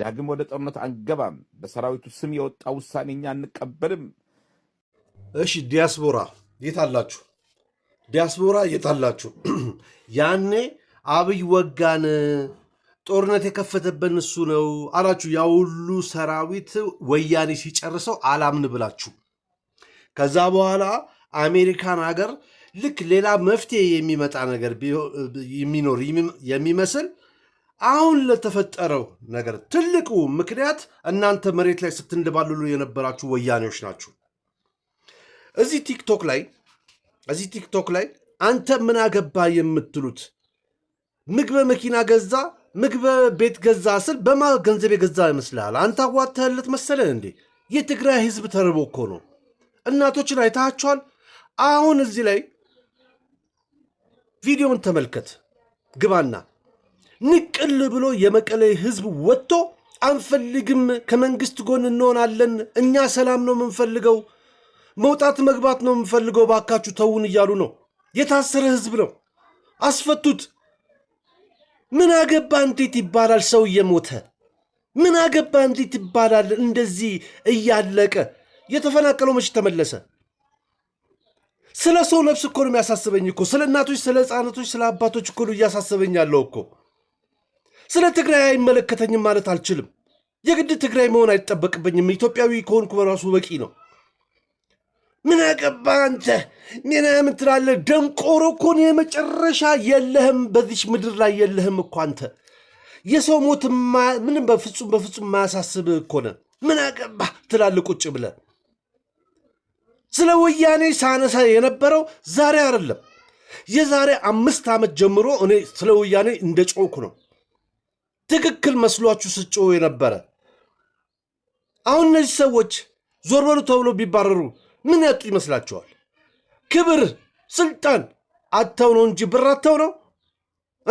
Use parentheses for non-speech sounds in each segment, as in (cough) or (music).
ዳግም ወደ ጦርነት አንገባም፣ በሰራዊቱ ስም የወጣ ውሳኔ እኛ አንቀበልም። እሺ ዲያስፖራ የታላችሁ? ዲያስፖራ የታላችሁ? (clears throat) ያኔ አብይ ወጋን ጦርነት የከፈተበን እሱ ነው አላችሁ። ያ ሁሉ ሰራዊት ወያኔ ሲጨርሰው አላምን ብላችሁ ከዛ በኋላ አሜሪካን ሀገር ልክ ሌላ መፍትሄ የሚመጣ ነገር የሚኖር የሚመስል አሁን ለተፈጠረው ነገር ትልቁ ምክንያት እናንተ መሬት ላይ ስትንደባልሉ የነበራችሁ ወያኔዎች ናችሁ። እዚህ ቲክቶክ ላይ እዚህ ቲክቶክ ላይ አንተ ምን አገባ የምትሉት ምግበ መኪና ገዛ፣ ምግበ ቤት ገዛ ስል በማ ገንዘብ የገዛ ይመስልሃል? አንተ አዋተህለት መሰለን እንዴ? የትግራይ ህዝብ ተርቦ እኮ ነው። እናቶችን አይታችኋል። አሁን እዚህ ላይ ቪዲዮን ተመልከት ግባና ንቅል ብሎ የመቀሌ ህዝብ ወጥቶ አንፈልግም፣ ከመንግስት ጎን እንሆናለን፣ እኛ ሰላም ነው የምንፈልገው፣ መውጣት መግባት ነው የምንፈልገው፣ ባካችሁ ተውን እያሉ ነው። የታሰረ ህዝብ ነው፣ አስፈቱት። ምን አገባ እንዴት ይባላል? ሰው እየሞተ ምን አገባ እንዴት ይባላል? እንደዚህ እያለቀ የተፈናቀለው መቼ ተመለሰ? ስለ ሰው ነፍስ እኮ ነው የሚያሳስበኝ እኮ ስለ እናቶች፣ ስለ ህፃናቶች፣ ስለ አባቶች እኮ ነው እያሳስበኝ ያለው እኮ ስለ ትግራይ አይመለከተኝም ማለት አልችልም። የግድ ትግራይ መሆን አይጠበቅብኝም። ኢትዮጵያዊ ከሆንኩ በራሱ በቂ ነው። ምን አገባ አንተ ምናምን ትላለህ። ደንቆሮ እኮ የመጨረሻ። የለህም፣ በዚች ምድር ላይ የለህም እኮ አንተ። የሰው ሞት ምንም በፍጹም በፍጹም ማያሳስብ እኮ ምን አገባ ትላለህ ቁጭ ብለህ። ስለ ወያኔ ሳነሳ የነበረው ዛሬ አይደለም፣ የዛሬ አምስት ዓመት ጀምሮ እኔ ስለ ወያኔ እንደ ጮኩ ነው ትክክል መስሏችሁ ስጮው የነበረ አሁን እነዚህ ሰዎች ዞር በሉ ተብሎ ቢባረሩ ምን ያጡ ይመስላችኋል? ክብር፣ ስልጣን አተው ነው እንጂ ብር አተው ነው።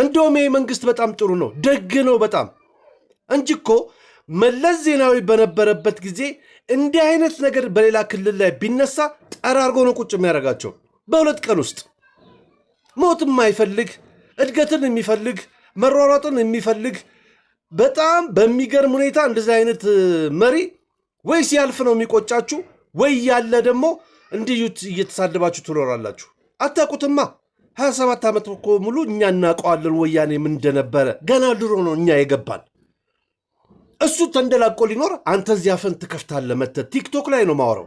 እንደውም ይህ መንግስት በጣም ጥሩ ነው፣ ደግ ነው በጣም እንጂ እኮ መለስ ዜናዊ በነበረበት ጊዜ እንዲህ አይነት ነገር በሌላ ክልል ላይ ቢነሳ ጠራርጎ ነው ቁጭ የሚያደርጋቸው በሁለት ቀን ውስጥ። ሞት የማይፈልግ እድገትን የሚፈልግ መሯሯጥን የሚፈልግ በጣም በሚገርም ሁኔታ እንደዚህ አይነት መሪ ወይ ሲያልፍ ነው የሚቆጫችሁ፣ ወይ ያለ ደግሞ እንዲዩት እየተሳደባችሁ ትኖራላችሁ። አታውቁትማ። 27 ዓመት እኮ ሙሉ እኛ እናውቀዋለን ወያኔ ምን እንደነበረ ገና ድሮ ነው እኛ የገባን። እሱ ተንደላቆ ሊኖር አንተ እዚያ ፈን ትከፍታለህ መተህ ቲክቶክ ላይ ነው የማወራው።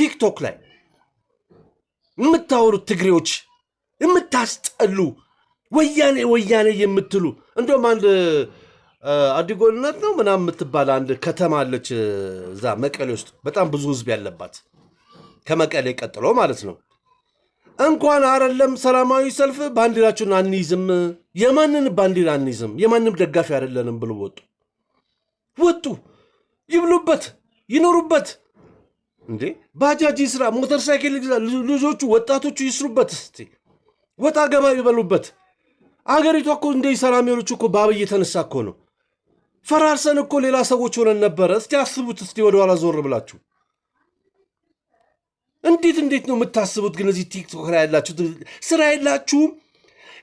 ቲክቶክ ላይ የምታወሩት ትግሬዎች የምታስጠሉ ወያኔ ወያኔ የምትሉ እንዲሁም አንድ አዲጎልነት ነው ምናም የምትባል አንድ ከተማ አለች እዛ መቀሌ ውስጥ በጣም ብዙ ህዝብ ያለባት ከመቀሌ ቀጥሎ ማለት ነው። እንኳን አይደለም ሰላማዊ ሰልፍ ባንዲራችሁን አንይዝም፣ የማንን ባንዲራ አንይዝም፣ የማንም ደጋፊ አይደለንም ብሎ ወጡ ወጡ። ይብሉበት ይኖሩበት እንዴ ባጃጅ ይስራ፣ ሞተር ሳይክል ልጆቹ ወጣቶቹ ይስሩበት፣ እስቲ ወጣ ገባ ይበሉበት። አገሪቷ እኮ እንደ ሰላም ሌሎች እኮ በአብይ የተነሳ እኮ ነው። ፈራርሰን እኮ ሌላ ሰዎች ሆነን ነበረ። እስቲ አስቡት፣ እስቲ ወደኋላ ዞር ብላችሁ እንዴት እንዴት ነው የምታስቡት? ግን እዚህ ቲክቶክ ላይ ያላችሁ ስራ የላችሁም።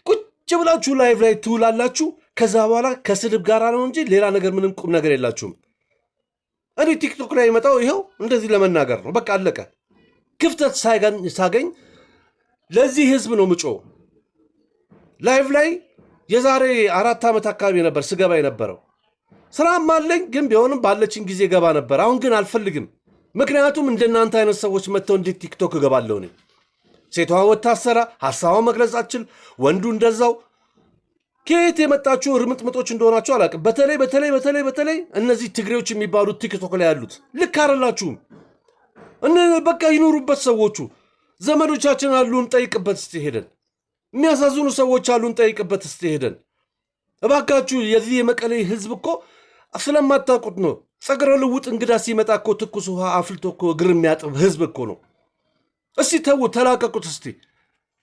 ቁጭ ብላችሁ ላይቭ ላይ ትውላላችሁ። ከዛ በኋላ ከስድብ ጋር ነው እንጂ ሌላ ነገር ምንም ቁም ነገር የላችሁም። እኔ ቲክቶክ ላይ የመጣው ይኸው እንደዚህ ለመናገር ነው። በቃ አለቀ። ክፍተት ሳገኝ ለዚህ ህዝብ ነው ምጮ ላይቭ ላይ የዛሬ አራት ዓመት አካባቢ ነበር ስገባ የነበረው ስራም አለኝ ግን ቢሆንም ባለችን ጊዜ ገባ ነበር። አሁን ግን አልፈልግም። ምክንያቱም እንደናንተ አይነት ሰዎች መጥተው እንዴት ቲክቶክ እገባለሁ እኔ። ሴቷ ወታሰራ ሀሳቧ መግለጽ አትችል፣ ወንዱ እንደዛው። ከየት የመጣችሁ ርምጥምጦች እንደሆናችሁ አላውቅም። በተለይ በተለይ በተለይ በተለይ እነዚህ ትግሬዎች የሚባሉት ቲክቶክ ላይ ያሉት ልክ እነ በቃ ይኖሩበት ሰዎቹ። ዘመዶቻችን አሉን ጠይቅበት እስቲ ሄደን፣ የሚያሳዝኑ ሰዎች አሉን ጠይቅበት እስቲ ሄደን። እባካችሁ የዚህ የመቀሌ ህዝብ እኮ ስለማታውቁት ነው። ጸጉረ ልውጥ እንግዳ ሲመጣ እኮ ትኩስ ውሃ አፍልቶ እኮ እግር የሚያጥብ ህዝብ እኮ ነው። እስቲ ተዉ፣ ተላቀቁት። እስቲ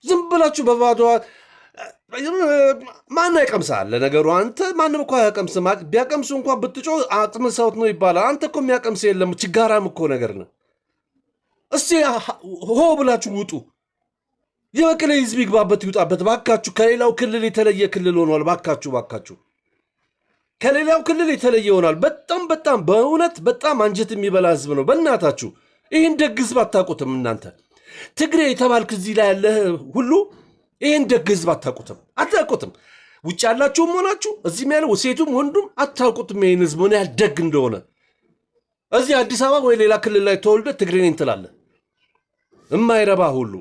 ዝም ብላችሁ በባዶ ማን ያቀምሳል? ለነገሩ አንተ ማንም እኳ አያቀምስም። ቢያቀምሱ እንኳ ብትጮ አጥም ሰውት ነው ይባላል። አንተ እኮ የሚያቀምስ የለም። ችጋራም እኮ ነገር ነው። እስቲ ሆ ብላችሁ ውጡ። የመቀሌ ህዝብ ይግባበት ይውጣበት ባካችሁ። ከሌላው ክልል የተለየ ክልል ሆኗል። ባካችሁ ባካችሁ። ከሌላው ክልል የተለየ ይሆናል። በጣም በጣም በእውነት በጣም አንጀት የሚበላ ህዝብ ነው። በእናታችሁ ይህን ደግ ህዝብ አታውቁትም እናንተ ትግሬ የተባልክ እዚህ ላይ ያለህ ሁሉ ይህን ደግ ህዝብ አታውቁትም አታውቁትም። ውጭ ያላችሁም ሆናችሁ እዚህም ያለ ሴቱም ወንዱም አታውቁትም ይህን ህዝብ ምን ያህል ደግ እንደሆነ። እዚህ አዲስ አበባ ወይ ሌላ ክልል ላይ ተወልደ ትግሬ ነኝ ትላለህ። እማይረባ ሁሉ